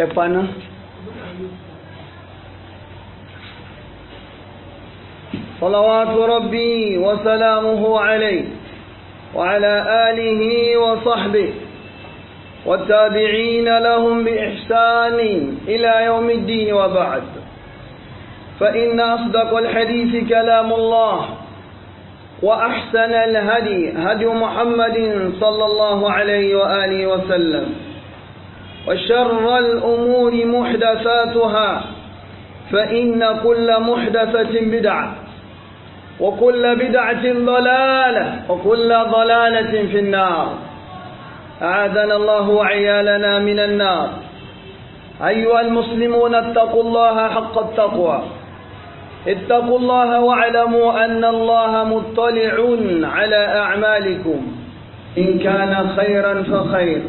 Epana صلوات ربي وسلامه عليه وعلى آله وصحبه والتابعين لهم بإحسان إلى يوم الدين وبعد فإن أصدق الحديث كلام الله وأحسن الهدي هدي محمد صلى الله عليه وآله وسلم وشر الأمور محدثاتها فإن كل محدثة بدعة وكل بدعة ضلالة وكل ضلالة في النار أعاذنا الله وعيالنا من النار أيها المسلمون اتقوا الله حق التقوى اتقوا الله واعلموا أن الله مطلع على أعمالكم إن كان خيرا فخير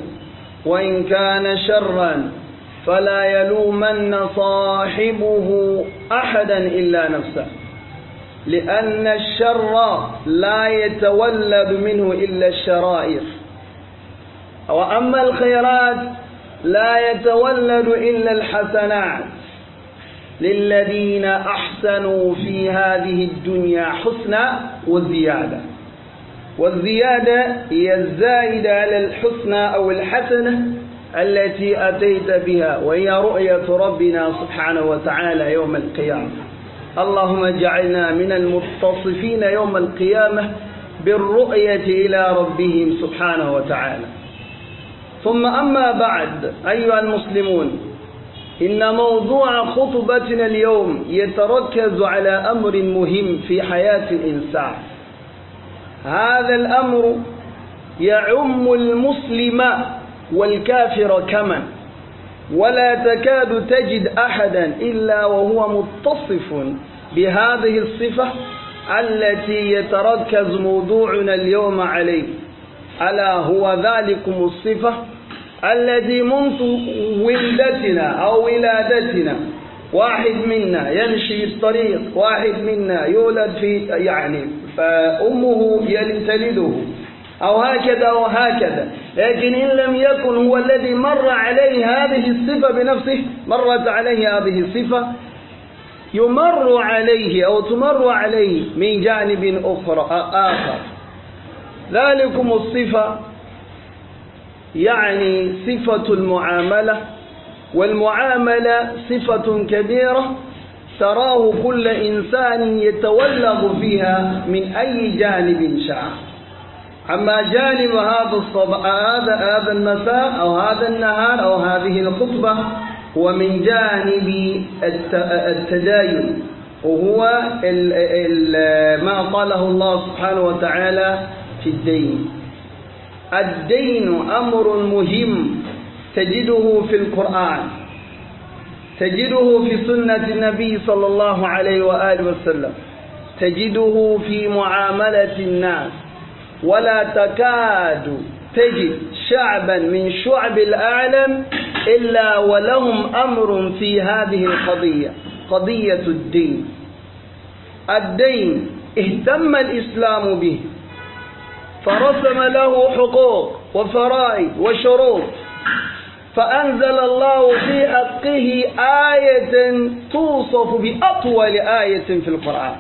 وإن كان شرا فلا يلومن صاحبه أحدا إلا نفسه لأن الشر لا يتولد منه إلا الشرائر وأما الخيرات لا يتولد إلا الحسنات للذين أحسنوا في هذه الدنيا حسنا وزيادة والزيادة هي الزائدة على الحسنى أو الحسنة التي أتيت بها وهي رؤية ربنا سبحانه وتعالى يوم القيامة اللهم اجعلنا من المتصفين يوم القيامة بالرؤية إلى ربهم سبحانه وتعالى ثم أما بعد أيها المسلمون إن موضوع خطبتنا اليوم يتركز على أمر مهم في حياة الإنسان هذا الأمر يعم المسلم والكافر كما ولا تكاد تجد أحدا إلا وهو متصف بهذه الصفة التي يتركز موضوعنا اليوم عليه ألا هو ذلكم الصفة الذي منذ ولدتنا أو ولادتنا واحد منا يمشي الطريق واحد منا يولد في يعني فأمه تلده أو هكذا أو هكذا لكن إن لم يكن هو الذي مر عليه هذه الصفة بنفسه مرت عليه هذه الصفة يمر عليه أو تمر عليه من جانب أخرى آخر ذلكم الصفة يعني صفة المعاملة والمعاملة صفة كبيرة تراه كل إنسان يتولغ فيها من أي جانب شاء أما جانب هذا الصباح هذا هذا المساء أو هذا النهار أو هذه الخطبة هو من جانب التداين وهو ال ال ما قاله الله سبحانه وتعالى في الدين الدين أمر مهم تجده في القرآن تجده في سنة النبي صلى الله عليه وآله وسلم تجده في معاملة الناس ولا تكاد تجد شعبا من شعب الأعلم إلا ولهم أمر في هذه القضية قضية الدين الدين اهتم الإسلام به فرسم له حقوق وفرائض وشروط فأنزل الله في حقه آية توصف بأطول آية في القرآن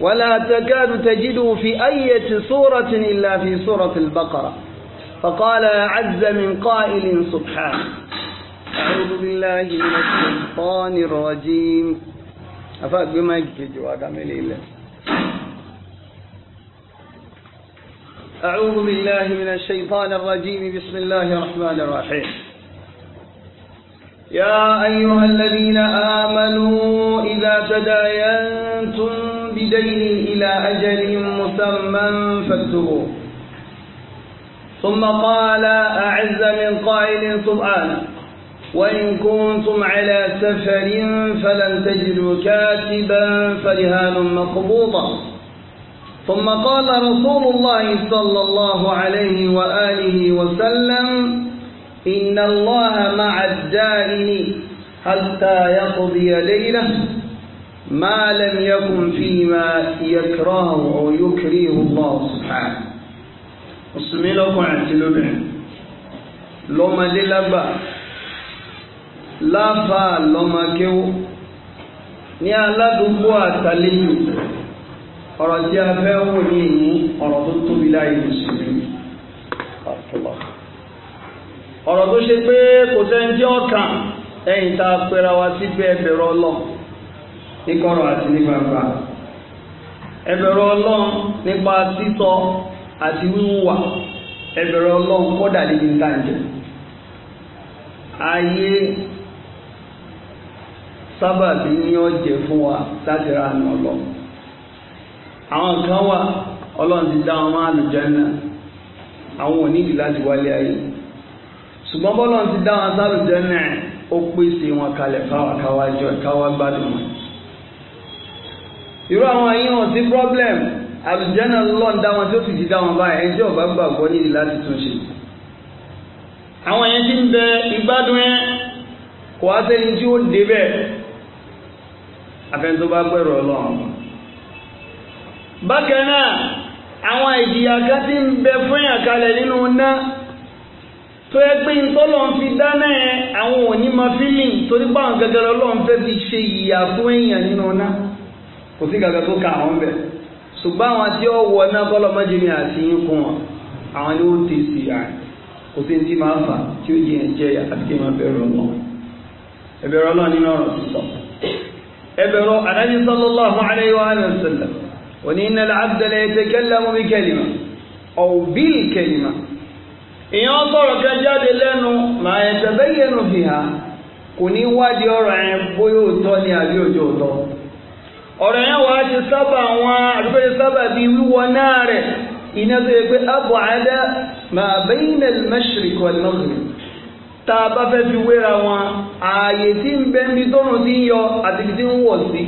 ولا تكاد تجده في أي سورة إلا في سورة البقرة فقال عز من قائل سبحان أعوذ بالله من الشيطان الرجيم أفاق بما يجي جواك عملي الله أعوذ بالله من الشيطان الرجيم بسم الله الرحمن الرحيم يا أيها الذين آمنوا إذا تداينتم بدين إلى أجل مسمى فاكتبوه ثم قال أعز من قائل سبحانه وإن كنتم على سفر فلن تجدوا كاتبا فرهان مقبوطا ثم قال رسول الله صلى الله عليه وآله وسلم إن الله مع الدائن حتى يقضي ليله ما لم يكن فيما يكره أو يكره الله سبحانه مسلمي لكم اعتلوا لما للبا لا فا لما كيو ni aládùúgbò àtàlẹ́yìn ọ̀rọ̀ tí a fẹ́ wò ní ìní ọ̀rọ̀ tó tóbi láyé mùsùlùmí ọ̀rọ̀ tó ṣe pé kò sẹ́ńtì ọ̀kan ẹ̀yìn tá a wa sí pé ẹbẹ̀rọ ọlọ́run ní àti ní gbangba ẹbẹ̀rọ ọlọ́run nípa títọ́ àti wíwúwà ẹbẹ̀rọ kọ́dà níbi ayé sábàbí ni fún wa láti ra àná àwọn kan wà ọlọ́run ti dá wọn máa àlùjánnà àwọn ò nídìí láti wálé ayé ṣùgbọ́n bọ́lọ́run ti dá wọn sálùjánnà ó pèsè wọn kalẹ̀ fáwọn káwájọ gbádùn wọn. irú àwọn ayé wọn problem àlùjánnà lọ́n dá wọn tí ó sì ti dá wọn báyìí ẹni tí ò bá gbàgbọ́ nídìí láti tún ṣe. àwọn yẹn ti ń bẹ ìgbádùn yẹn kò wá tí ó débẹ̀ bá bákan náà àwọn ìjìyà kan ti ń bẹ fún ìyàkalẹ̀ nínú ná tó yẹ pé ń fi dáná ẹ àwọn òní máa fílìn torí pé àwọn fẹ́ fi ṣe ìyà fún èèyàn nínú ná kò sí gàgà tó ka àwọn bẹ̀ ṣùgbọ́n àwọn tí ó wọ ná kọ́lọ̀ mọ́jìmí àti yín wọn àwọn ni ó ti sì à kò sí ti máa fà tí ó yẹ jẹ àti kí máa ọlọ́run ọlọ́run nínú ọ̀rọ̀ وإن العبد ليتكلم بكلمة أو بالكلمة èèyàn sọ̀rọ̀ kan jáde lẹ́nu màá ẹ̀sẹ̀ bẹ́yẹ̀ nù fi hàn kò ní wádìí ọ̀rọ̀ yẹn bóyá òótọ́ ni àbí òjò òótọ́ ọ̀rọ̀ yẹn wàá ṣe sábà wọn àdúgbò ṣe sábà bíi wíwọ náà rẹ̀ iná tó yẹ pé abọ̀ àdá màá bẹ́yìn al-mashriq wal-maghrib tá a bá fẹ́ fi wéra wọn ààyè tí ń bẹ ibi tó rùn ti ń yọ àti ibi tí ń wọ̀ sí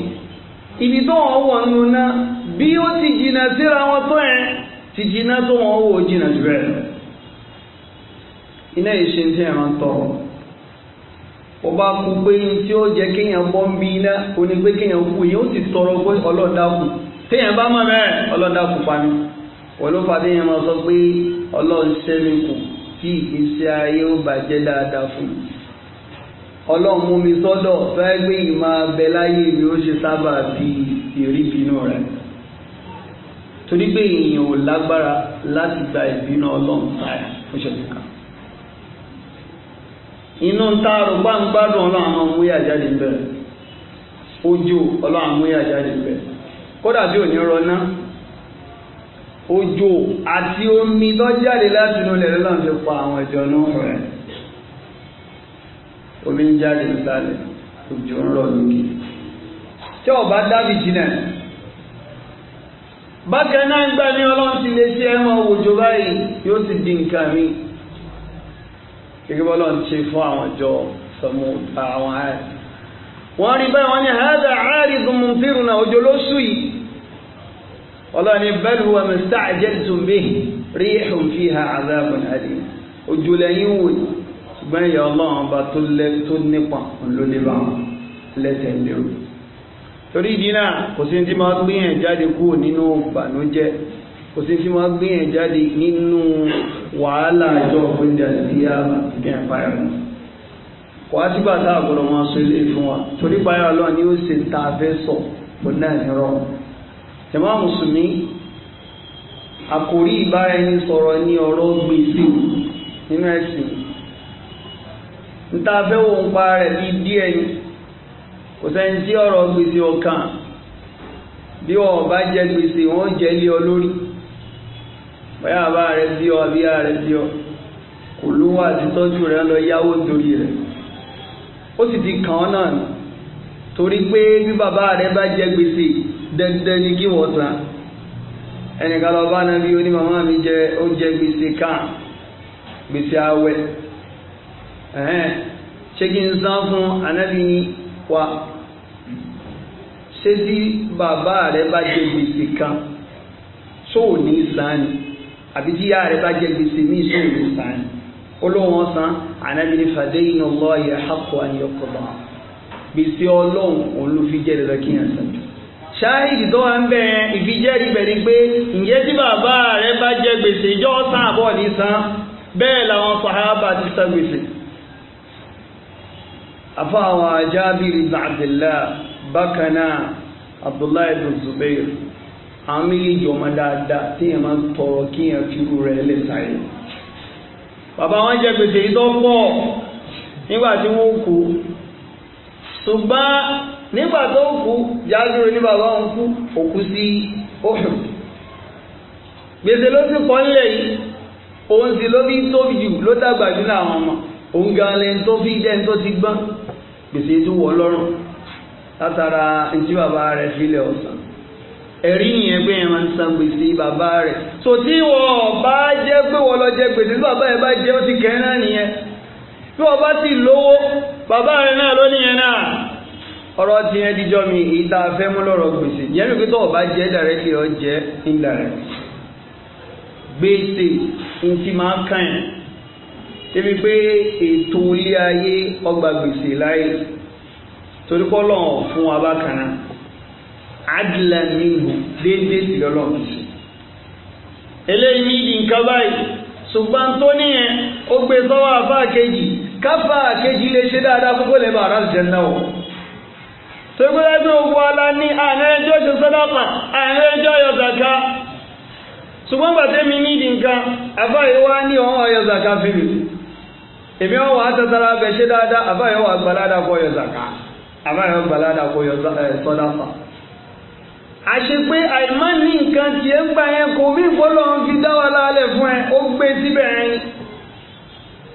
ibi tó wọ́n wọ̀ nù náà bí ó ti jìnà síra wọn tó ẹ̀ ti jìnnà tó wọn wò jìnnà jù bẹ́ẹ̀ lọ iná ìṣe tí ẹ̀ràn tọrọ ó bá kú pé tí ó ń tọrọ pé téèyàn bá mọ̀ pa mi ló fàdé yẹn máa sọ pé ọlọ́run sẹ́mi kù tí ìgbésí ayé ó bàjẹ́ dáadáa fún mi ọlọ́run mú mi sọ́dọ̀ fẹ́ gbé ìmọ̀ abẹ láyé mi ó ṣe torí pé èèyàn ò lágbára láti gba ìbínú ọlọ́run táyà fún ṣẹlẹ kan inú ta àrùbá ń gbádùn ọlọ́run àwọn ọmọ yà jáde bẹ̀rẹ̀ ojú ọlọ́run àwọn yà jáde bẹ̀rẹ̀ kódà bí ò ní rọná òjò àti omi tó jáde láti inú ilẹ̀ lọ́nà fi pa àwọn ìjọ náà rẹ̀ omi ń jáde nísàlẹ̀ òjò ń rọ̀ lókè tí ọba dábì jìnnà bákan náà ń gbà ní ọlọ́run ti lè ṣe ẹmọ òwòjò báyìí yóò ti di nǹkan mi gẹ́gẹ́ bọ́lọ́ ń ṣe fún àwọn ìjọ sọmọ àwọn ààrẹ wọ́n rí báyìí wọ́n ní hádà ààrẹ gbọmọ fírun náà òjò ló sù yìí ọlọ́run ní bal huwa masta'jaltum bihi rihun fiha azabun alim òjò lẹ́yìn wò ní ṣùgbọ́n ìyá ọlọ́run ọba tó nípa ńlọ́lẹ́bà lẹ́sẹ̀ lérò torí dina náà kò sí tí ma gbìyàn jáde kúrò nínú bànújẹ́ kò sí tí jáde nínú wàhálà àjọ òpinjà sí àgbìyàn fáyà mú kò á sígbà tá àgbọ̀dọ̀ máa sọ ilé fún wa torí ni ó se ta fẹ́ sọ kò náà ní rọ mùsùlùmí ẹni sọ̀rọ̀ ní ọ̀rọ̀ gbèsè nínú ẹ̀sìn ń ta fẹ́ pa kò sẹ́ni tí ọ̀rọ̀ gbèsè ọkàn bí wọn bá jẹ gbèsè wọn jẹ lé ọ lórí bóyá bàbá rẹ bí ọ àbí ààrẹ bí ọ kò lówó àtitọ́jú rẹ lọ yáwó torí rẹ ó sì ti kàn án náà torí pé bí bàbá rẹ bá jẹ gbèsè dandan ni kí wọ́n san ẹnìkan lọ bá nàbí ó ní màmá mi jẹ oúnjẹ gbèsè kan gbèsè àwẹ̀ ṣé kí n san fún anábìyín wa ṣé bí bàbá rẹ bá jẹ gbèsè kan tó ò ní san ni àbí tí ìyá rẹ bá jẹ gbèsè míì tó ò ní san ni olóhùn ọ̀sán ànábìrin fàdé iná lọ yẹ hapò àyọkọ̀bà gbèsè ọlọ́run òun ló fi jẹ́rìí rẹ kí n sàn jù ṣáàhìdì tó wà ń bẹ ìfijẹ́rìí bẹ̀ pé ǹjẹ́ tí bàbá rẹ bá jẹ gbèsè ìjọ́ sàn àbọ̀ ní san bẹ́ẹ̀ làwọn sàhábà ti san afọ jabir ibn abdullah bakana abdullah ibn zubair àwọn méjèèjì ọmọ dáadáa téèyàn máa tọrọ kéèyàn fírú rẹ̀ lẹ́sàáyé bàbá wọn jẹ gbèsè yìí tó pọ̀ nígbà tó kú jágúrò ní bàbá wọn kú òkú gbèsè tó wọ lọ́rùn látara ntí bàbá rẹ̀ filẹ̀ ọ̀sán ẹ̀rí nìyẹn pé yẹn máa ń san gbèsè bàbá rẹ̀ so tí wọ́n bá jẹ́ pé wọ́n lọ jẹ gbèsè tí bàbá yẹn bá jẹ́ ó ti kẹ́ náà nìyẹn bí wọ́n bá ti lówó bàbá rẹ̀ náà ló nìyẹn náà ọ̀rọ̀ ti yẹn díjọ́ mi ìta fẹ́ mú lọ́rọ̀ gbèsè yẹn nígbà tó ọba jẹ́ directly ọ jẹ́ indirect gbèsè ntí máa kàn yẹn débi pé ètò ilé ayé ọgbà gbèsè láyé torí kọ́ lọ́wọ́ fún abákanná adìlà nínú déédéé sí lọ́lọ́run sí eléyìí di nǹkan báyìí ṣùgbọ́n tó níyẹn ó gbé sọ́wọ́ afá kejì káfá kejì lè ṣe dáadáa púpọ̀ lẹ́bàá ará jẹ́nà o tó gbé lẹ́jọ́ ogun ala ní àìrẹ́jọ́ ṣe sọ́dọ̀pà àìrẹ́jọ́ yọ̀zàká ṣùgbọ́n gbàtẹ́mi ní ìdí nǹkan afá yìí wá ní ọ̀hún ọ̀yọ̀zàká fèrè èmi wọn wà á tẹtara bẹ ṣe dáadáa àbáyọ wà gbalada kó yọ zaka àbáyọ gbalada kó yọ sọdáfà àṣepé àìmọ́ ní nǹkan tí ẹ ń gbà yẹn kò rí ìfọ́lọ́ ń fi dá wa lálẹ́ fún ẹ ó gbé síbẹ̀ ẹ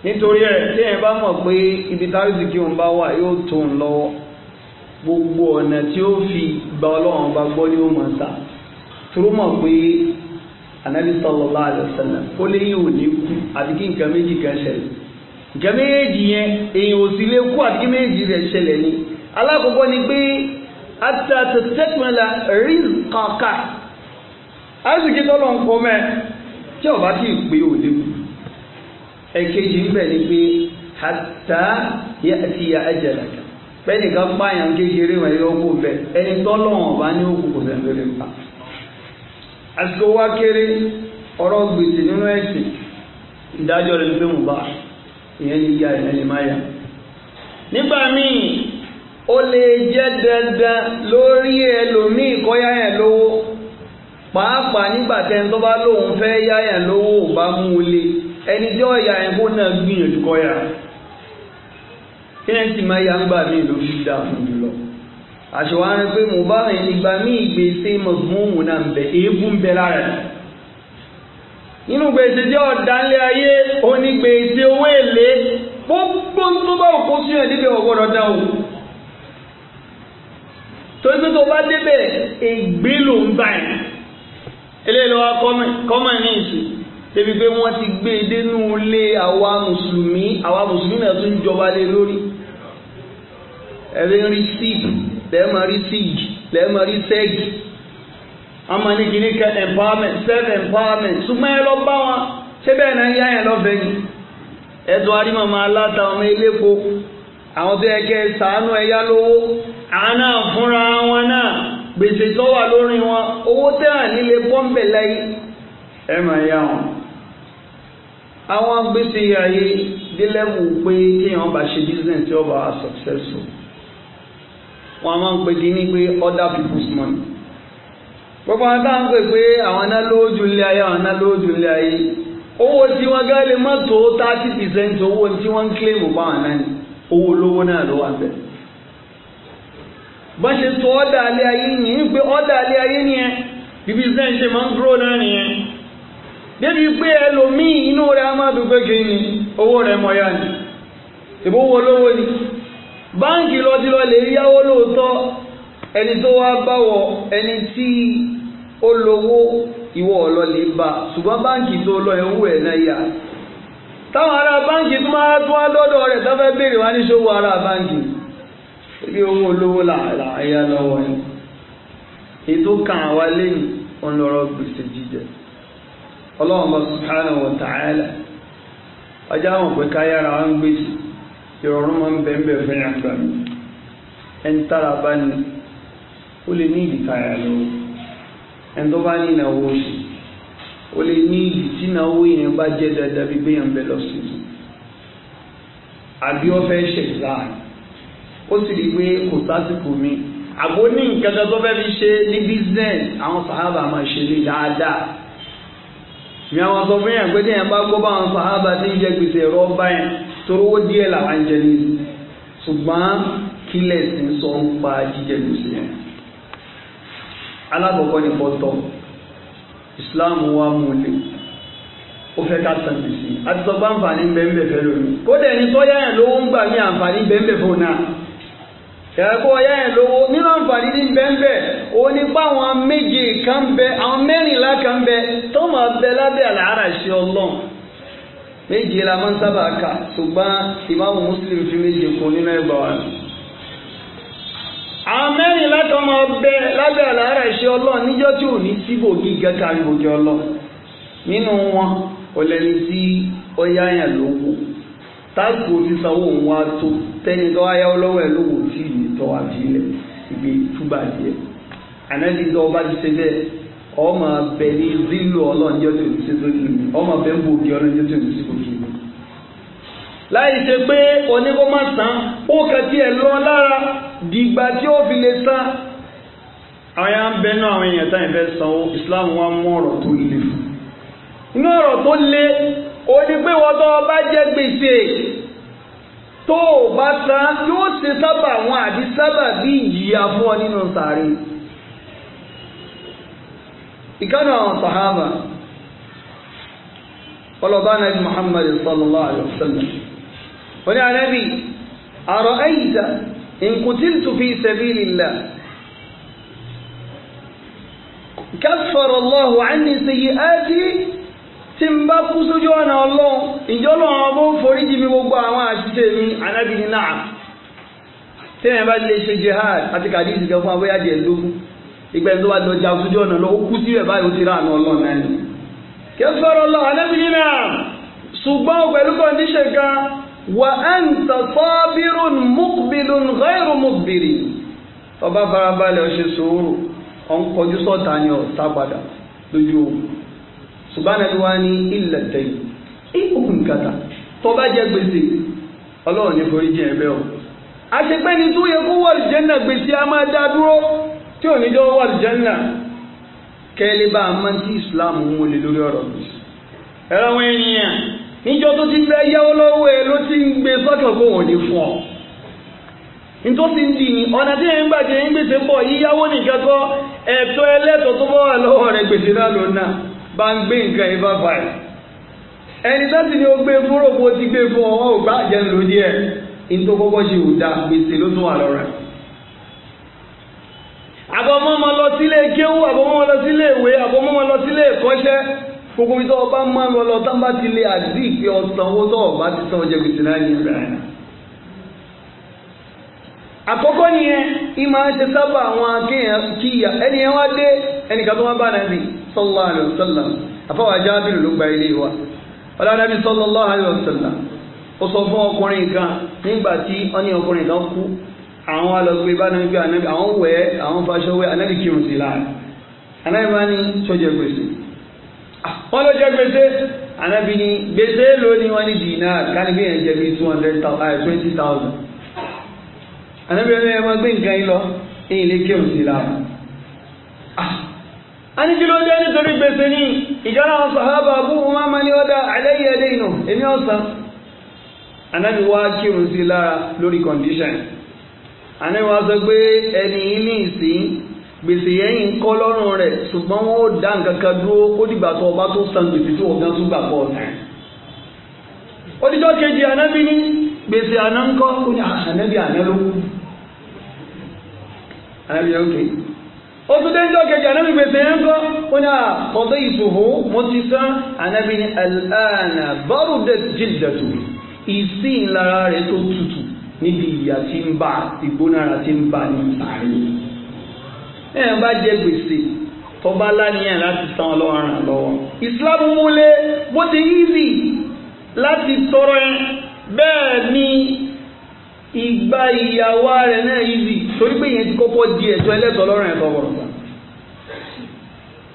nítorí ẹ tí ẹ bá mọ̀ pé ibi táwísì kí òun bá wà yóò tó ń lọ́wọ́ gbogbo ọ̀nà tí ó fi gba ọlọ́run bá gbọ́ ní òun ta tóró mọ̀ pé Ànábì sallallahu alaihi ó léyìn òní kú àti kí nǹkan méjì kan ṣẹlẹ̀ nke méjì yẹn èèyàn osile sì lè kú àti kí méjì rẹ̀ ni alákọ̀ọ́kọ́ ata pé atatẹ̀tẹ̀tẹ̀mẹ́la rizqaka aṣèké tọ́lọ̀ ń kọ́ mẹ́ tí ọba tí ì pé ò léwu ẹ̀kejì ni pe hatta ya'tiya ajalaka bẹ́ẹ̀ni ká pààyàn kékeré wọn yóò kó bẹ́ẹ̀ ẹni tọ́lọ̀ ọba ní òkú kò sẹ́ni lè pa àsìkò wá kéré gbèsè nínú ìyẹn lè ya ìyẹn lè má ya. nígbà míì ó lè jẹ́ dandan lórí ẹlòmíì kó yá yẹn lówó pàápàá nígbà tẹ́ni tó bá lóun fẹ́ yá yẹn lówó ò bá mú un le ẹni tí ó yá yẹn náà gbìyànjú kó yá kí ni ti máa ya ń gbà míì ló fi dáa fún jùlọ àṣewárin pé mo bá rìn ìgbà míì gbèsè mọ̀gbọ́n òun náà ń bẹ èébú ń bẹ lára ẹ̀ inú gbèsè jẹ́ ọ̀dánlé ayé onígbèsè owó èlé gbogbo tó bá òkú sí ẹ̀ níbi ọ̀gbọ́dọ̀ dán o torí pé tó bá débẹ̀ ègbé ló ń bá ẹ̀ eléyìí lọ́wọ́ kọ́mọ̀ ní ìsìn débi pé wọ́n ti gbé e dénú ilé àwa mùsùlùmí àwa mùsùlùmí náà tún jọba lé lórí ẹ̀rí rí síìkì lẹ́ẹ̀mọ̀ rí síìkì lẹ́ẹ̀mọ̀ rí sẹ́ẹ̀kì ọmọ ní kìíní kẹ empowerment self empowerment ṣùgbọ́n ẹ lọ bá wọn ṣé bẹ́ẹ̀ náà ń yá yẹn lọ́fẹ̀ẹ́ ni ẹ̀tọ́ arímọ̀mọ́ aláta ọmọ ilépo àwọn tó yẹ kẹ́ ṣàánú ẹ̀yá lówó àánà fúnra wọn náà gbèsè tó wà lórí wọn owó tẹ́ à nílé pọ́ńpẹ̀ láyé ẹ mà yá wọn. àwọn gbèsè ayé délẹ́wù pé kéèyàn bá ṣe business tí ó bá successful wọn a máa ń pè kí ní pé other people's money. gbogbo àwọn táwọn pè pé àwọn náà lójú ilé ayé àwọn náà lójú ilé ayé owó tí wọ́n gá lè má tó thirty percent owó tí wọ́n ń kílèmù báwọn náà ni owó olówó náà ló wà bẹ́ẹ̀. bọ́n ṣe tó ọ̀dà alẹ́ ayé yìí ń pé ọ̀dà alẹ́ ayé nìyẹn bíbí sẹ́yìn ṣe máa ń dúró náà nìyẹn. débi pé ẹlòmíì inú á máa dùgbẹ́ ni owó rẹ̀ mọ̀ yá ni ìbówó ni báńkì ẹni tó wá báwọ ẹni tí ó lówó ìwọ ọlọlẹ bá ṣùgbọ́n báǹkì tó lọ ẹwú ẹ náà yà táwọn ará báǹkì tó máa tún wá lọ́dọ̀ rẹ̀ tó fẹ́ béèrè wá ní ṣòwò ará báǹkì bí owó olówó làálà ètò kan àwa gbèsè jíjẹ bá àwọn wọn gbèsè máa ń gbà mí ó lè ní ìdìfàyà lọ ẹni tó bá ní ìnáwó oṣù ó lè ní ìdí tí ìnáwó yẹn bá jẹ́ dáadáa bí gbé bẹ lọ sí i àbí wọ́n fẹ́ ṣe exam ó sì rí i pé kò sásìkò mi àgbo ní nǹkan kan tó fẹ́ fi ṣe ní business àwọn sàhábà máa ṣe ní dáadáa mi àwọn sọ fún yàn pé téèyàn bá gbọ́ bá àwọn sàhábà tí ń jẹ gbèsè ẹ̀rọ ọba yẹn torí owó díẹ̀ làwọn jẹ ní ṣùgbọ́n kílẹ̀ sí sọ ń pa jíjẹ gbèsè yẹn alákọ̀ọ́kọ́ ní fọ́tọ̀ Islamu wa mú lè ó fẹ́ ká san gbèsè àti sọ pé àǹfààní bẹ́ẹ̀ fẹ́ lómi kódà ẹni tó yá yẹn lówó ń gbà ní àǹfààní bẹ́ẹ̀ fún náà ẹ̀kọ́ ọ̀yá yẹn lówó nínú àǹfààní ní bẹ́ẹ̀ o ní pa àwọn méje kan bẹ àwọn mẹ́rìnlá kan bẹ tó máa bẹ lábẹ́ àlàárà ṣe ọlọ́run méje la máa ń sábà kà ṣùgbọ́n ìmáàmù Muslim fi méje kún nínú ẹgbàá wa nù àwọn mẹ́rin látọ́ máa bẹ lábẹ́ àlàárà iṣẹ́ ọlọ́run níjọ́ tí ò ní síbò kárí ọlọ́run nínú wọn kò lówó táàkù ti sanwó òun wá tó tẹ́ni tó wáyá ọlọ́wọ́ ẹ̀ lówó tí ì tọ́ àfilẹ̀ ìgbé túbà díẹ̀ ànábi tó ọba ti ṣe bẹ́ẹ̀ ọmọ abẹ ní zílù ọlọ́run jẹ́ tó ní ní ọmọ bò dìgbà tí ó fi lè sá àwọn ya ń bẹ àwọn èèyàn táyì fẹ́ sanwó Islam wa mú ọ̀rọ̀ tó le fún inú ọ̀rọ̀ tó le ó ní pé wọ́n tó bá jẹ́ gbèsè tó bá san yóò ṣe sábà ji àbí sábà bí ìjìyà fún ọ nínú sàárè ìkánà àwọn sàhábà Muhammad sallallahu alayhi wa sallam wọ́n ní anábì àrọ̀ إن قتلت في سبيل الله كفر الله عني سيئاتي tí n bá kú sójú ọ̀nà ọlọ́run ìjọ lọ́wọ́ bó forí jì mí gbogbo àwọn àṣìṣe mi anábìrin náà tí èèyàn bá lè ṣe jihad àti kàdí ìsìnkẹ fún abóyá díẹ̀ lógún ìgbẹ́ tó bá lọ ja sójú ọ̀nà lọ ó kú sí ẹ̀ báyìí ó ti ráàánú ọlọ́run náà ni. kẹfẹ́rọ lọ anábìrin náà ṣùgbọ́n pẹ̀lú kọ́ndíṣẹ̀ kan وأنت صابر مقبل غير مقبل tọba farabalẹ̀ ọ̀ṣẹ̀ sòwòrò ọ̀n kọjú sọ́ta ni ọ̀tá padà lójú ohun ṣùgbọ́n ẹni wá ní ilẹ̀ tẹ̀yìn ìkùnkùn kàtà tọba jẹ́ gbèsè ọlọ́run ní forí jẹ́ ẹ̀bẹ́ o àṣepẹ́ ni tó yẹ kó wọ̀lù jẹ́nà gbèsè a máa dá dúró tí ò ní jọ wọ̀lù jẹ́nà kẹ́lẹ́ bá a máa ti Islam mú olè lórí ọ̀rọ̀ gbèsè ẹ̀rọ wọn ènìyàn níjọ tó ti fẹ́ yáwó lọ́wọ́ ẹ ló ti ń gbé sọ́kàn kó ní ọ nítòsí ń di ni ọ̀nà tí èyí ń gbàjẹ́ ń gbèsè pọ̀ yíyáwó nìkan kọ́ ẹ̀tọ́ ẹlẹ́tọ̀ tó bọ́ wà lọ́wọ́ rẹ̀ gbèsè náà ló bá ń gbé nǹkan bá báyìí ẹni ni da gbèsè ló tún wà lọ sílé kéwú àbọ̀mọ́mọ́ lọ sílé ìwé àbọ̀mọ́mọ́ lọ sílé ìkọ́ṣẹ́ gbogbo ibi ọba máa ń lọ lọ tá bá ti lé àdí ìpè tó ọba ti san ọjọ́ gbèsè náà ní ẹ̀rọ ẹ̀. àkọ́kọ́ nìyẹn ìmọ̀ ṣe sábà àwọn akéèyàn kíyà ẹni yẹn wá dé ẹnìkan tó wá bá nàbì sallallahu alaihi wasallam àfọwọ́ ajá bìrì ló gba ilé wa ọlọ́dàbí sallallahu alaihi wasallam ó sọ fún ọkùnrin kan nígbà tí wọ́n ló jẹ́ gbèsè ànábì ní gbèsè lónìí wọ́n ní dinar kánibí yẹn jẹ́ bí two hundred thousand eh, twenty thousand ànábì yẹn lọ́wọ́ gbé nǹkan yín lọ èyí lè kírun sí la ah! a ní kí ló dé nítorí gbèsè ní ìjọba àwọn sàhábà Abu Umama ní ọ̀dà alayya daynu èmi ọ̀sán ànábì wá kírun sí lára lórí condition ànábì wá sọ pé ẹni ní ìsìn gbèsè yẹn ń kọ́ lọ́rùn rẹ̀ ṣùgbọ́n wọn ò dá nǹkan kan dúró ó dìgbà tó ọba tó san gbèsè tó ọ̀gá tó gbà pọ̀ ọ̀nà. odijọ́ kejì ànábì ní gbèsè àná ń kọ́ ó ní ah, ànábì àná ló kú ànábì yẹn ó ké. ó tún dé níjọ́ kejì ànábì gbèsè yẹn ń kọ́ ó ní àkọ́tọ́ ah, ìṣòfò mo ti san ànábì ní àlànà bọ́rù jìdàtù ìsìn lára rẹ̀ tó tutù níbi ìyà tí ń bá ìgbónára tí ń bá ní àárín ẹ̀yàn bá jẹ gbèsè tọba láníyàn láti san ọlọ́run ràn lọ́wọ́ ìsìlámù múlẹ̀ bó ti easy láti tọrọ ẹ bẹ́ẹ̀ ni ìgbà ìyàwó rẹ̀ náà easy torí pé yẹn ti kọ́kọ́ di ẹ̀tọ́ ẹlẹ́tọ̀ ọlọ́run ẹ̀ tọwọ́ rẹ̀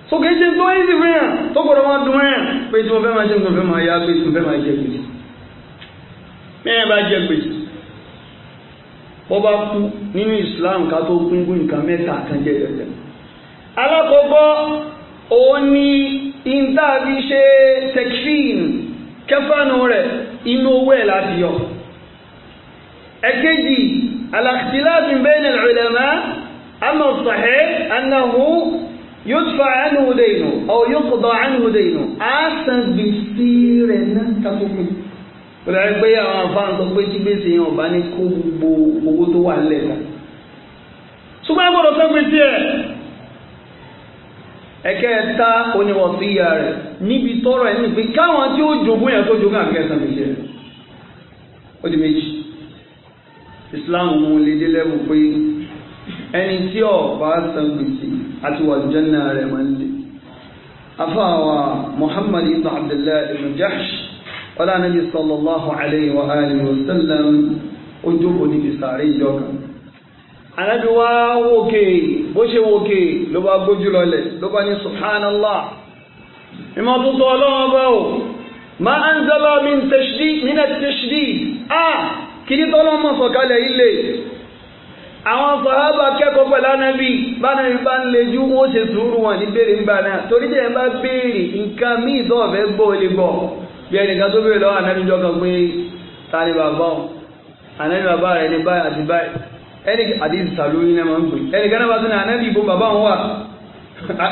so kì í ṣe tó easy fún yàn tó gbọdọ̀ máa dùn yàn pé tí mo fẹ́ máa ṣe nǹkan fẹ́ máa yá gbèsè mo fẹ́ máa jẹ gbèsè mẹ́rin bá jẹ gbèsè bọ́ bá kú nínú Islam ká tó gúngún nǹkan mẹ́ta kan jẹ́ dẹ̀dẹ̀ alákọ̀ọ́kọ́ òun ni ìntàbí ṣe tekfin kẹfàánù rẹ̀ inú owó ẹ̀ láti yọ ẹ̀kejì al-ikhtilaf bayna al-ulama amma as-sahih annahu yudfa anhu daynu olùdarí pé àwọn àǹfààní sọ pé tí gbèsè yẹn ọba ní kó gbogbo owó tó wà nílẹ̀ kan ṣùgbọ́n agbọ́dọ̀ sọ pé tiẹ̀ ẹ̀kẹ́ta oníwọ̀síyà rẹ̀ níbi tọrọ ẹ̀ ní pé káwọn tí ó jogún yẹn tó jogún àkẹ́sàn méjì rẹ̀ ó di méjì Islam mú un lè dé lẹ́bù pé ẹni tí ọba san gbèsè àti wà jẹ́nà rẹ̀ máa ń lè afáwà Muhammad ibn Abdullah ibn Jahsh ọlá anábì sallallahu alayhi wa alihi wa sallam ó jókòó níbi sàárè ìjọ kan anábì wá wòkè bó ṣe wòkè ló bá gbójú lọlẹ̀ ló bá ní subhanallah ìmọ̀ tuntun ọlọ́wọ́ bá o ma anzala min tashdid min at-tashdid ah kìí tọ́lọ́mọ̀ sọ̀kalẹ̀ ilé àwọn sàhábà kẹ́kọ̀ọ́ pẹ̀lú anábì bánabi bá ń lejú wọ́n ṣe sùúrù wọn ní béèrè ńgbà náà torí dẹ̀ bá béèrè nǹkan míì tó ọ̀fẹ́ gbọ́ ọ bí ẹnìkan tó bèèrè lọ́wọ́ ànábì jọ kan pé ta ni bàbá òun ànábì bàbá rẹ̀ ní báyìí àti báyìí ẹnì àdìsí sàlóyún náà máa ń pè ẹnìkan náà bá tún ní ànábì ìbò bàbá òun wà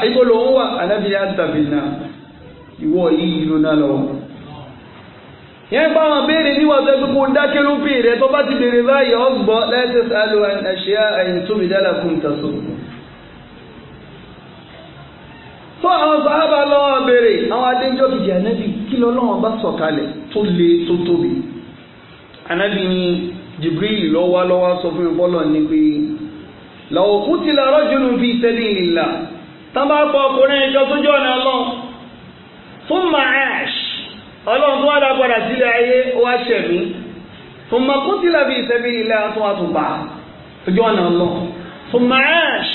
ìbò ah, lòun wà ànábì yá tàbí náà ìwọ yìí ló ná lọ. yẹn bá wọn béèrè níwọ̀n tó ẹgbẹ́ kó dákẹ́ ló pè tó bá ti béèrè báyìí ọgbọ́ lẹ́sẹ̀ àwọn sàhábà lọ́wọ́ béèrè àwọn adéjọ́ kìjì ànábì kí lọ́lọ́run bá sọ̀kalẹ̀ tó le tó tóbi anabi ni jibril lọ́wọ́ lọ́wọ́ sọ fún bọ́lọ̀ ni pé làwọn kú ti la rọ́jòlù fi sabilillah tán bá pa ọkùnrin ẹjọ́ tó jọ́ ọ̀nà ọlọ́run fún maash ọlọ́run tó wà dá padà sílẹ̀ ayé ó wá ṣẹ̀mí fún makútìlá fi sabilillah tó wà tó bá ojú ọ̀nà ọlọ́run fún maash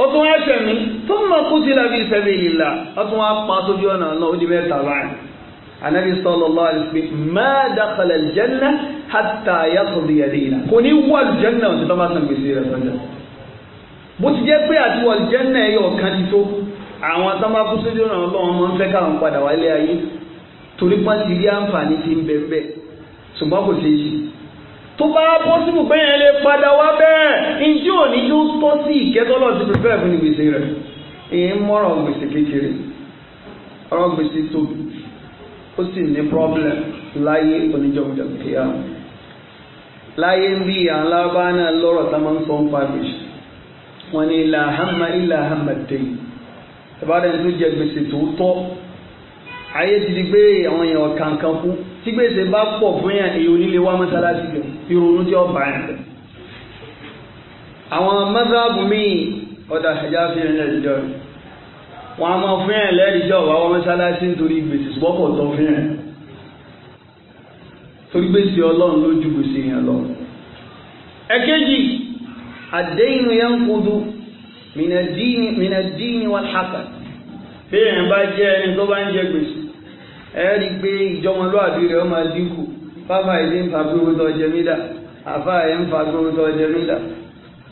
ó tún wá ṣẹ̀mí fún makútìlá fi sabilillah ó tún wá pa sójú ọ̀nà ọlọ́run ó di mẹ́ta báyìí anabi sallallahu alaihi wasallam ma dakhala aljanna hatta yaqdi yadina kò ní wọ aljanna ọ̀sẹ̀ tó bá san gbèsè rẹ̀ sọ́jà bó ti jẹ́ pé àti wọ aljanna ẹ̀yọ̀ kan ti tó àwọn tó bá kú sójú ọ̀nà ọlọ́run máa ń fẹ́ káwọn padà wálé ayé torí pọ́n ti rí àǹfààní ti ń bẹ bẹ́ẹ̀ ṣùgbọ́n kò ṣeé ṣe tó bá bọ́ síbù pé yẹn lè padà wá bẹ́ẹ̀ ìjí òní ló tọ́ sí ìkẹ́tọ́lọ́ ti pẹ̀fẹ́ fún ìgbèsè rẹ̀ èyí ń mọ́rọ̀ gbèsè kékeré ọ̀rọ̀ gbèsè tóbi ó sì ní problem láyé oníjọ̀gbọ̀n kìíyà láyé ń bí àwọn lábá náà lọ́rọ̀ tá máa ń sọ ń pàdé wọn ni ilà hàmà ilà hàmà dé ìbára ẹni tó jẹ gbèsè tó tọ́ ayé ti di pé àwọn èèyàn kankan kú tí gbèsè bá pọ̀ fún yàn èyí onílé wá mọ́sálásí jọ ìrònú tí ó bá yàn àwọn mọ́sáàbù míì ọ̀dà ṣàjáfihàn ẹ̀jọ́ rẹ̀ wọn a máa fún yẹn lẹ́rìí jọ wá wọn mọ́ṣáláṣí nítorí gbèsè ṣùgbọ́kọ̀ tọ́ fún yẹn torí gbèsè ọlọ́run ló gbèsè yẹn lọ. ẹ̀kejì àdéhìn yẹn ń kudu mìnàdíìní wà bí èèyàn bá jẹ́ ẹni tó bá ń jẹ gbèsè ẹ rí i pé ìjọmọlúwàbí rẹ̀ dínkù fáfá ìdí ń fa gbogbo àfá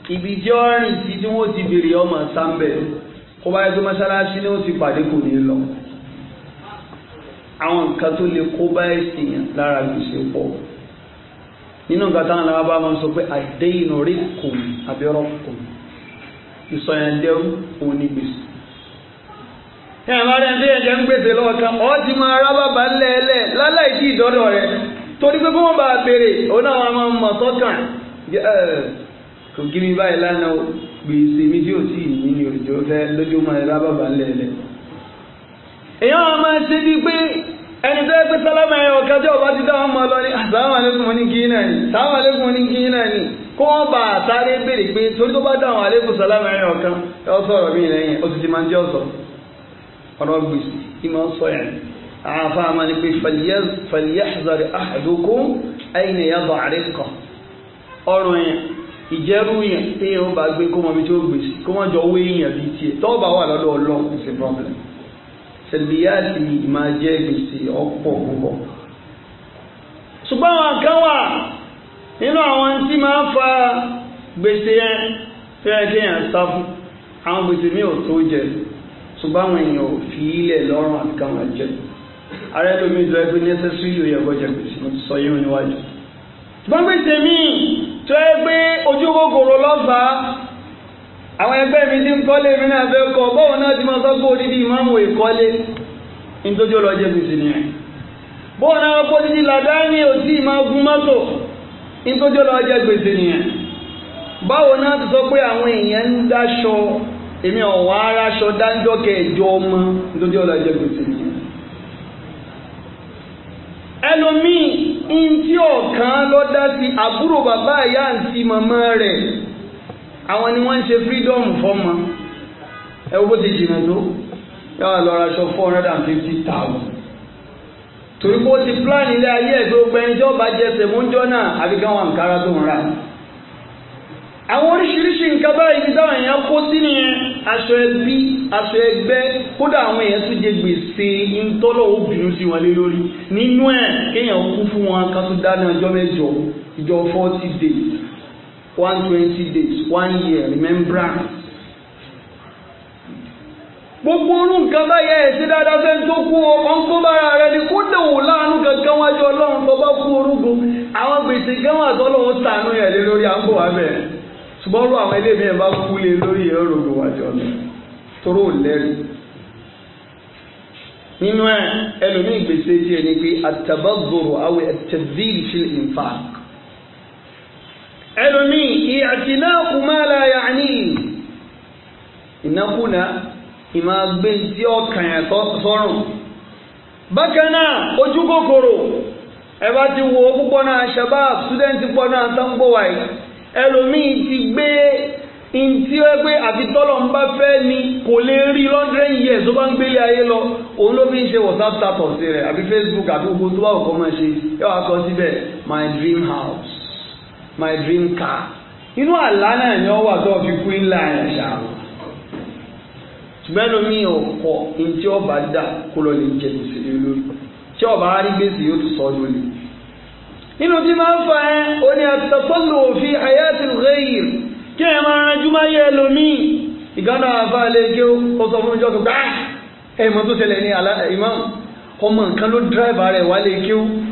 tí ó rìn sí tí wọ́n ti bèrè kó bá yẹ pé mọ́ṣáláṣí ni ó ti pàdé kò ní lọ àwọn nǹkan tó lè kó bá ẹ̀sìn yẹn lára gbèsè pọ̀ nínú nǹkan táwọn làwọn bá máa ń sọ pé àìdé inú rí kùn abẹ́rọ́ kùn ìsọ̀yàndẹ́rù òun ní gbèsè ẹ̀ máa rẹ̀ ń dé ẹ̀jẹ̀ ń gbèsè lọ́wọ́ kan ọ́ ti máa rábàbà lẹ́ẹ̀lẹ́ láláì sí ìdọ́dọ̀ rẹ̀ torí pé fún wọn bá béèrè òun náà wọn máa mọ̀ sọ́kàn kò gí mi báyìí lánàá o gbèsè mi tí ò tí ì ní ní òjò fẹ́ lójú máa rẹ lábàbà lẹ́lẹ̀. èèyàn wọn máa ṣe bíi pé ẹni tó yẹ pé sálámà ẹ̀ ọ̀kan tí ọba ti dá wọn máa lọ ní assalamu alaikum ní kí náà ni assalamu alaikum ní kí náà ni kó wọ́n bá a sáré béèrè pé torí tó bá dá wọn alaikum sálámà ẹ̀ ọ̀kan ẹ ọ sọ̀rọ̀ mí lẹ́yìn ó ti ti máa ń jẹ́ ọ̀sọ̀ ọ̀rọ̀ gbèsè kí máa ìjẹ́rú yẹn tí yẹn ń bá gbé kó mọ ibi tí ó gbèsè kó mọ jọ owó yẹn bíi tiẹ̀ tọ́ọ̀bà wà lọ́dọ̀ ọlọ́run kò sí problem sẹ̀lìyàtì máa jẹ́ gbèsè ọ̀pọ̀ púpọ̀. ṣùgbọ́n àwọn kan wà nínú àwọn tí máa ń fa gbèsè yẹn fẹ́ẹ́ tí yẹn sá fún àwọn gbèsè mi ò tó jẹ ṣùgbọ́n àwọn èèyàn ò fi ilẹ̀ lọ́rùn àti káwọn jẹ ààrẹ lómi ìjọ ẹgbẹ́ nẹ́sẹ̀sì ìlú yẹn tó ẹ gbé ojú kòkòrò lọ́fàá àwọn ẹgbẹ́ mi ti ń kọ́lé mi náà fẹ́ kọ́ náà ti máa sọ pé odidi ìmáàmù ìkọ́lé nítorí ọlọ́ gbèsè nìyẹn náà máa gun mọ́tò nítorí gbèsè nìyẹn báwo náà ti sọ pé àwọn èèyàn ń dáṣọ èmi ọ̀wọ́ aráṣọ dáńjọ́ kẹjọ ọmọ nítorí ntí ọ̀kan lọ dá sí àbúrò bàbá ìyá àti màmá rẹ̀ àwọn ni wọ́n ń ṣe freedom fọ́mọ ẹ wo bó ti jìnnà tó yàrá lọ ra aṣọ four hundred and fifty thousand torí bó ti plan ilé ayé ẹ̀ tó gbẹ́njọ́ bá jẹsẹ̀ mú jọ́ náà àbíkẹ́ wọn àǹkárá tó ń rà. àwọn oríṣiríṣi nǹkan báyìí bí táwọn èèyàn kó sí nìyẹn aṣọ ẹbí aṣọ ẹgbẹ́ kódà àwọn èèyàn tún jẹ gbèsè ìtọ́lọ̀ sí wọn lé lórí nínú kéèyàn kú fún wọn ká tún dáná ọjọ́ mẹ́jọ days one days one year remembrance. gbogbo orú nǹkan báyẹn ẹ̀sìn dáadáa fẹ́ tó kú ọ ọ̀nkó bára rẹ ni kó dòwò láàánú kankan wájú ọlọ́run tó bá kú orúgun àwọn gbèsè gánwà sànú ẹ̀ lé ṣùgbọ́n ló àwọn ilé mi bá kú lé lórí ẹ̀rọ ìwájú ọ̀nà toró lẹ́rù nínú ẹ ẹlòmí ìgbésẹ tiẹ ní pé àtàbàgbòrò àwọn ẹtẹdìrì fi nfa ẹlòmí ìyàtìnáàkú máa yàní ìnákúnà ya tí ọkàn yẹn sọ́rùn bákan náà ojú ẹ bá ti wo púpọ̀ náà shabab student púpọ̀ náà sangbó ẹlòmíì ti gbé ntí wẹ́ pé àti tọ́lọ̀ ń bá fẹ́ ni kò lè rí years tó bá ń gbélé ayé lọ òun ló fi ń ṣe whatsapp status rẹ̀ àbí facebook àbí gbogbo tó bá òkọ́ máa ṣe yóò wá kọ síbẹ̀ my dream house my dream car inú àlá náà ni wa wà tó fi kú ńlá ẹ̀ ṣàrò ṣùgbọ́n ẹnu mi ọba dà kó lọ lè jẹ gbèsè lórí ọba sọ lórí. nínú tí máa fa ẹ o ni àtàtọ́lù òfin àyàtì rẹ̀yìn kí ẹ máa rán júmọ́ yẹ lómi ìgánà àfa àlejò ó fún ìjọ ah, tó gbá ẹ mọ tó ní imam ọmọ nǹkan ló dráìbà wà wálé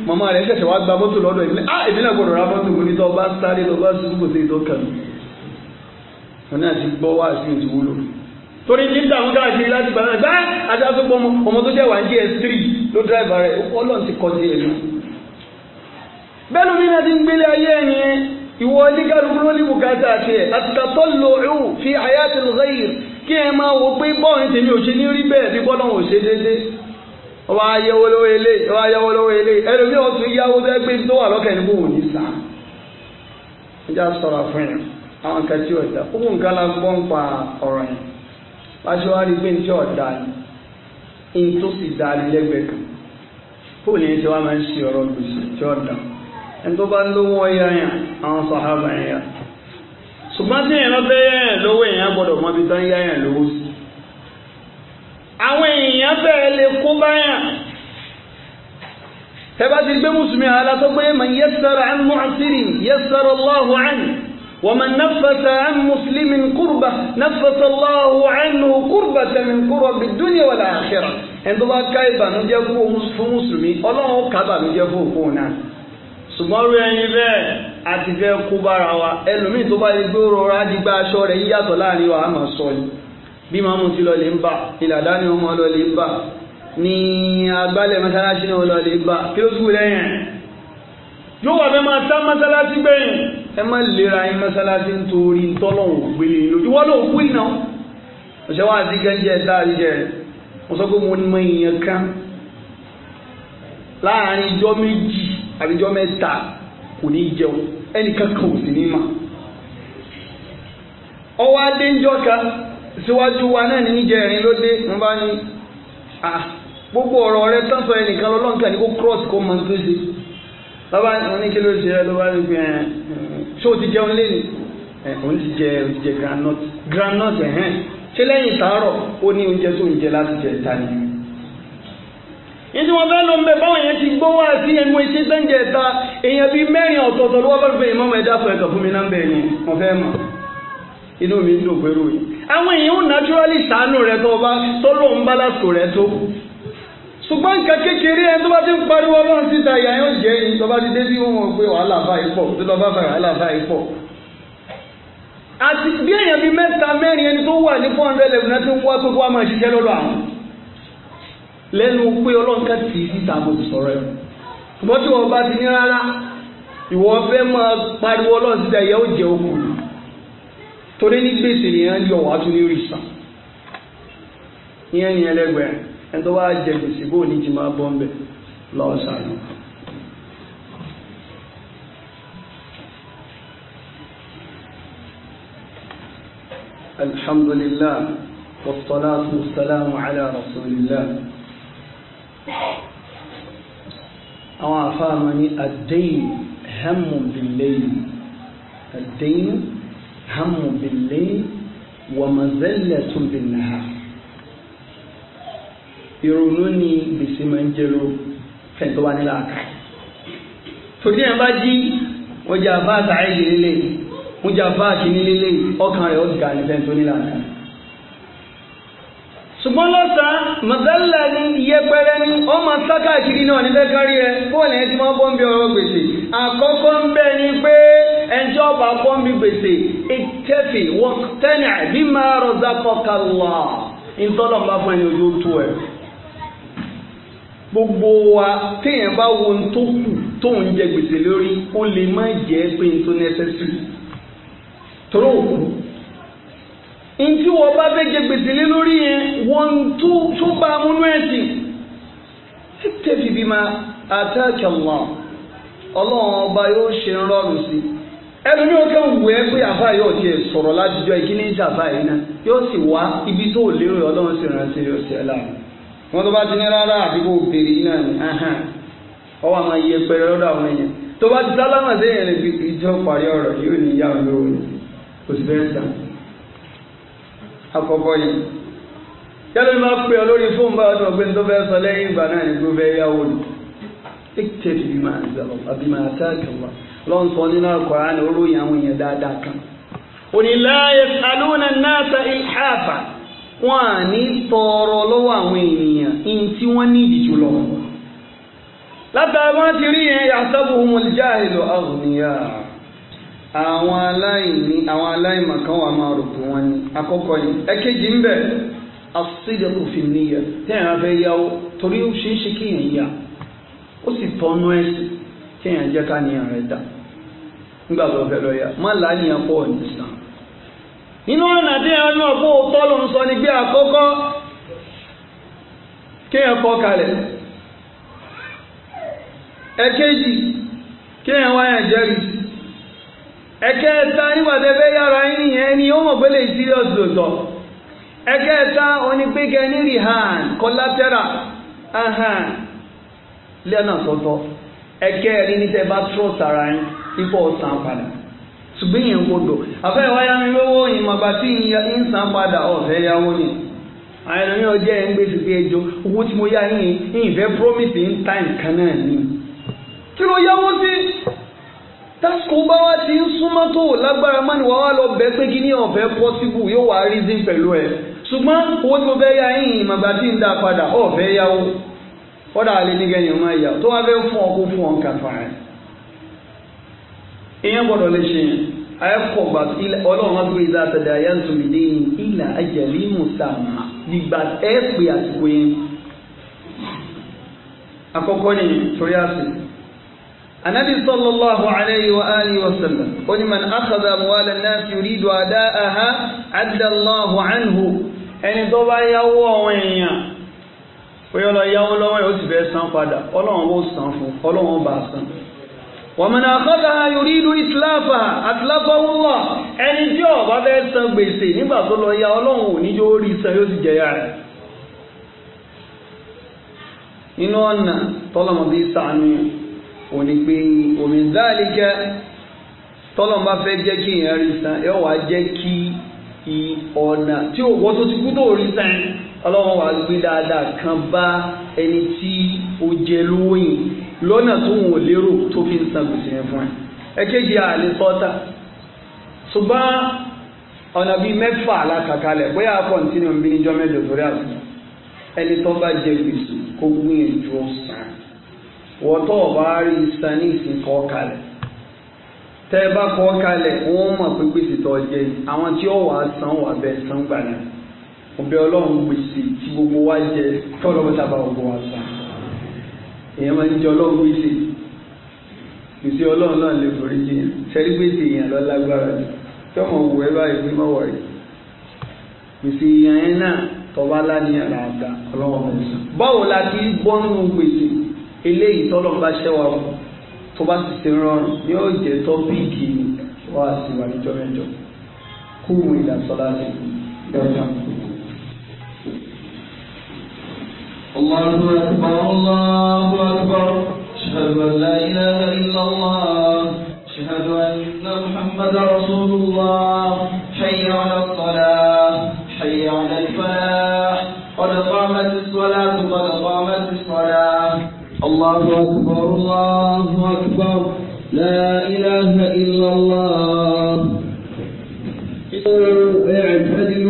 màmá rẹ̀ ṣẹ̀ṣẹ̀ wá gba mọ́tò lọ́dọ̀ ìbílẹ̀ ah ìbílẹ̀ gbọ́dọ̀ ra mọ́tò mo ní tó bá sáré lọ bá sùn kò sí gbọ́ wá sí wúlò torí ní káàkiri láti gbà náà gbá ah, àti àtúgbọ́n ọmọ tó jẹ́ bẹ́ẹ̀lú mi náà ti ń gbélé ayé ẹ̀yìn ìwọ oníkálukú ló ní bùkátà àti ẹ̀ àtìkà tó lò ó fi àyàtì lọ́yìn kí ẹ máa wo pé bọ́ọ̀n tèmi ò ṣe ní rí bẹ́ẹ̀ bí bọ́ọ̀nà ò ṣe déédéé ọba ayẹwo lówó ilé ọba ayẹwo lówó ilé ẹlòmíì ọtún yáwó tó ẹgbẹ́ tó wà lọ́kàn ní bòwò ní sàn án ìjà sọ̀rọ̀ àfihàn àwọn nǹkan ọ̀dà ó kún nǹkan la ọ̀rọ̀ yẹn láti wá rí pé ọ̀dà ni ní tó sì dá lẹ́gbẹ̀ẹ́ kan kó ní ti wá máa ń ṣe ọ̀rọ̀ gbèsè ọ̀dà ẹni tó bá lówó ọyá yàn àwọn sàhábà yẹn yà ṣùgbọ́n tí èèyàn fẹ́ yá yàn lówó èèyàn gbọ́dọ̀ mọ ibi tó ń yá yàn lówó sí àwọn èèyàn bẹ́ẹ̀ lè kó bá yàn ẹ bá ti gbé mùsùlùmí àlá tó pé man yassara an mu'sirin yassara Allahu anhu ومن نفس عن مسلم كربة نفس الله عنه كربة من كرب الدنيا والآخرة ẹni tó bá ká ìbànújẹ́ fún mùsùlùmí Ọlọ́run ó ká ìbànújẹ́ fún òun náà ṣùgbọ́n rí ẹyin bẹ́ẹ̀ a ti fẹ́ kó bára wa ẹlòmíì tó bá lè gbé rọra dígbà aṣọ rẹ̀ yíyàtọ̀ láàrin wa àmọ́ sọ ni bí màmú ti lọ lè ń bà ìlàdá ni ọmọ lọ lè ń bà ní agbálẹ̀ mọ́sálásí náà lọ lè ń bà kí ló kú lẹ́yìn yóò wà fẹ́ máa tá mọ́sálásí gbẹ̀yìn ẹ má lera yín mọ́sálásí nítorí tọ́lọ̀ ògbélé lójú wọ́n lọ òkú ìná ọ̀ṣẹ́ wá sí gẹ́ńjẹ́ dáàrí mo sọ pé mo ní mọ èèyàn kan láàrin ijọ́ méjì àbíjọ́ mẹ́ta kò ní jẹun ẹnìkan kan ò sì ní mà ọwọ́ adéńjọ́ kan síwájú wa náà ní jẹrin ló dé ń bá ní gbogbo ọ̀rọ̀ rẹ tán ẹnìkan lọ́lọ́nkà ní kó cross kó mọ tó ṣe bàbá wọn ní kí ló ṣe ẹ ló bá rí pé ẹ ṣé o ti jẹun lé ní ẹ òun ti jẹ o ti jẹ groundnut groundnut ẹ̀hẹ́n ṣé lẹ́yìn tàárọ̀ ó ní oúnjẹ tó ń jẹ láti jẹ ta ni yìí tí wọ́n fẹ́ lọ mẹ́ báwọn yẹn ti gbọ́ wá sí ẹnu iṣẹ́ sẹ́ńjẹ̀ ẹ̀ta èèyàn bíi mẹ́rin ọ̀tọ̀ọ̀tọ̀ ló wá bá fẹ́ ìmọ̀ ẹ̀dá fún ẹ̀kọ́ fún mi náà bẹ́ẹ̀ ni wọ́n fẹ́ mọ̀ inú mi dùn pẹ̀lú yìí. àwọn èèyàn ò naturally sàánú rẹ tó bá tó lóun bá lásìkò rẹ tó. ṣùgbọ́n nǹkan kékeré ẹni tó bá ti ń pariwo ọlọ́run síta ìyá yóò jẹ́ ẹni tó bá ti dé bí wọ́n pé wàhálà báyìí pọ̀ tó lọ bá fẹ́ wàhálà lẹ́nu pé ọlọ́nkà tì í síta mo ti sọ̀rọ̀ ẹ̀ ṣùgbọ́n tí wọ́n bá ti ní rárá ìwọ fẹ́ máa pariwo ọlọ́run síta ìyá ó jẹ okùn torí ní gbèsè nìyẹn yọ wá tún ní rìsà ìyẹn ni ẹlẹgbẹ̀ẹ́ ẹni tó wá jẹ gbèsè bóò ní ti máa bọ́ ń bẹ̀ lọ́sàn-án. الحمد لله والصلاة والسلام على رسول الله àwọn àfáàmà ní àdéyìn hẹ́mù bìlẹ́yìn àdéyìn hẹ́mù bìlẹ́yìn wàmàzẹ́lẹ̀ tún bìlẹ́ ha ìrònú ni gbèsè máa ń jẹ́rọ fẹ́ntọ́ wa nílá àká torí ẹ̀ bá jí wọ́n jẹ́ àbá àtàrí lélẹ̀ wọ́n jẹ́ àbá àkíní ọkàn rẹ̀ ó ga ní fẹ́ntọ́ nílá àká ṣùgbọ́n lọ́sàn mọ̀sálà ní yẹpẹrẹ ní ọmọ sákàkiri náà nífẹ́ kárí rẹ fóònù ẹ ti máa bọ́ ń bí gbèsè àkọ́kọ́ ń bẹ́ ni pé ẹjọ́ ọba bọ́ ń bí gbèsè ìtẹ́fì wọ́tẹ́nì àbí máa rọ̀zà kọkànlá ìtọ́lọ̀ bá fún ẹni ojú tó gbogbo wa téèyàn bá wo ohun tó kù jẹ gbèsè lórí ó lè má ntí wọ́n bá fẹ́ jẹ gbèsè lé lórí yẹn wọ́n tún bá a ẹ̀sìn tẹ́fì bí ma ọlọ́run ọba yóò ṣe rọrùn sí ẹnu ní ọkàn wù ẹ pé àfa yóò ti sọ̀rọ̀ látijọ́ ìkí ní ìjàmbá náà yóò sì wá ibi tó lérò ọlọ́run sì rántí yóò ṣe ẹ wọn tó bá ti ní rárá àdúgbò bèrè náà ni ọwọ́ àwọn iye pẹ̀lú lọ́dọ̀ àwọn èèyàn tó bá ti sálámà sí ìjọ parí ọ̀rọ̀ ní àkọ́kọ́ yìí yálò máa pè ọ lórí fóun bá ọdún ọgbẹ́ni tó fẹ́ sọ lẹ́yìn ìgbà náà ní gbogbo ẹ̀yà wò ni ìkìtẹ̀tì bí máa ń zọ àbí máa tààkì wà lọ́n sọ nínú Al-Qur'an olóyìn àwọn èèyàn dáadáa kan òní láàyè alúnà náà wọn à ní tọrọ lọ́wọ́ àwọn ènìyàn in tí wọ́n nídìí jùlọ látàrí wọn ti rí yẹn yàtọ̀ bùhùn mọ̀lìjáàlì lọ́ àwọn aláìní àwọn aláìmọ̀kan wà máa rò fún wọn ní àkọ́kọ́ yìí ẹ̀kejì ń bẹ asídẹ̀kù fi níyà tẹ́yìn abẹ́ yáwó torí ó ṣe é ṣe kí èèyàn yá ó sì tọ́nú ẹ̀sìn kí èèyàn ká dà nígbà tó fẹ́ má pọ̀ nínú ọ̀nà tí èèyàn náà ló ń sọ àkọ́kọ́ kí èèyàn kalẹ̀ ẹ̀kejì Eke nígbàtí ẹgbẹ́ yára yín yẹn ni ó mọ̀ pé lè serious lòtọ̀ ẹ̀kẹta onígbégẹ ní rihan collateral lẹ́nà tọ́tọ́ ẹ̀kẹrin ní tẹ́ bá trust ara yín ipò ọ̀sán padà ṣùgbọ́n yẹn gbọdọ̀ afẹ́ ìwáyà mi lówó ìmọ̀gbà tí ń san padà ọ̀fẹ́ yáwó ni àwọn ẹni ọjọ́ ẹ̀ ń ẹjọ́ owó tí mo yá yín ìfẹ́ promise time kan náà ni kí yáwó sí. tásìkò bá wá ti ń súnmọ́ tó lágbára má ni wàá wá lọ bẹ́ẹ̀ pé kí ní ọ̀fẹ́ pọ́síbù yóò wá rízìn pẹ̀lú ẹ̀ ṣùgbọ́n owó tí mo fẹ́ yá yín ìmọ̀gbà tí ń dá padà ọ̀fẹ́ yáwó ọ̀dà àlè ní kẹyìn ọmọ ìyá tó wá fẹ́ fún ọ kó fún ọ nǹkan fà rẹ̀ ìyẹn gbọ́dọ̀ lè ṣe yẹn ayẹ́pọ̀ gbà ọlọ́run á gbé ìdá àtẹ̀dẹ̀ ayé ń tún mi dé anabi صلى الله عليه وآله وسلم قل من أخذ man الناس يريد an-nas الله عنه adda Allahu anhu ẹni tó bá yáwó àwọn èèyàn bóyá lọ yáwó lọ́wọ́ yóò sì fẹ́ san padà ọlọ́run ó san fún ọlọ́run bá san wa man akhadha yuridu ìtìláfà àtìláfọ́wọ́wọ́ ẹni tí ó bá san gbèsè nígbà tó lọ ya ọlọ́run onigbe pé òmìnzálìkẹ tọ́lọ́n bá fẹ́ jẹ́ kí èèyàn san ọ̀nà tí òwò tó ti kú tó rí san ọlọ́run wàá gbé dáadáa kan bá ẹni tí ó jẹ lówó lọ́nà tó wọn ò lérò tó fi ń san gbèsè yẹn fún ẹ. ẹ̀kejì àlè sọ́tà ṣùgbọ́n ọ̀nà bíi mẹ́fà alákàkalẹ̀ bóyá kọ́ńtínú bí níjọ́ jẹ gbèsè kó gbìyànjú ọ̀sán wọ́tọ̀ ọ̀bá rí san ní ìsìn kọ́ kalẹ̀ tẹ́ ẹ bá kọ́ kalẹ̀ wọ́n mọ̀ pé gbèsè tó jẹ́ àwọn tí ó wàá san wà bẹ́ẹ̀ san gbà náà ọbẹ̀ ọlọ́run gbèsè tí gbogbo wa jẹ tọ́lọ́ bá sábà gbogbo wa san èèyàn máa ń jẹ ọlọ́run gbèsè gbèsè ọlọ́run náà lè forí jìyàn sẹ́rí gbèsè èèyàn lọ lágbára jù tọ́mọ̀ wù ẹ́ báyìí ní mọ̀wọ̀rì gbèsè èèyàn yẹn náà tọ́ba lá eléyìí tọ́lọ̀ bá ṣẹ́ wa mọ̀ tó bá sì ṣe rọrùn ní ó jẹ́ tọ́píìkì wa sì wà níjọ́ mẹ́jọ kú ìdásọ́lá sí lọ́jà. الله أكبر الله أكبر أشهد أن لا إله إلا الله أشهد أن محمد رسول الله حي على الصلاة حي على الفلاح قد قامت الصلاة قد قامت الصلاة الله أكبر الله أكبر لا إله إلا الله اعتدلوا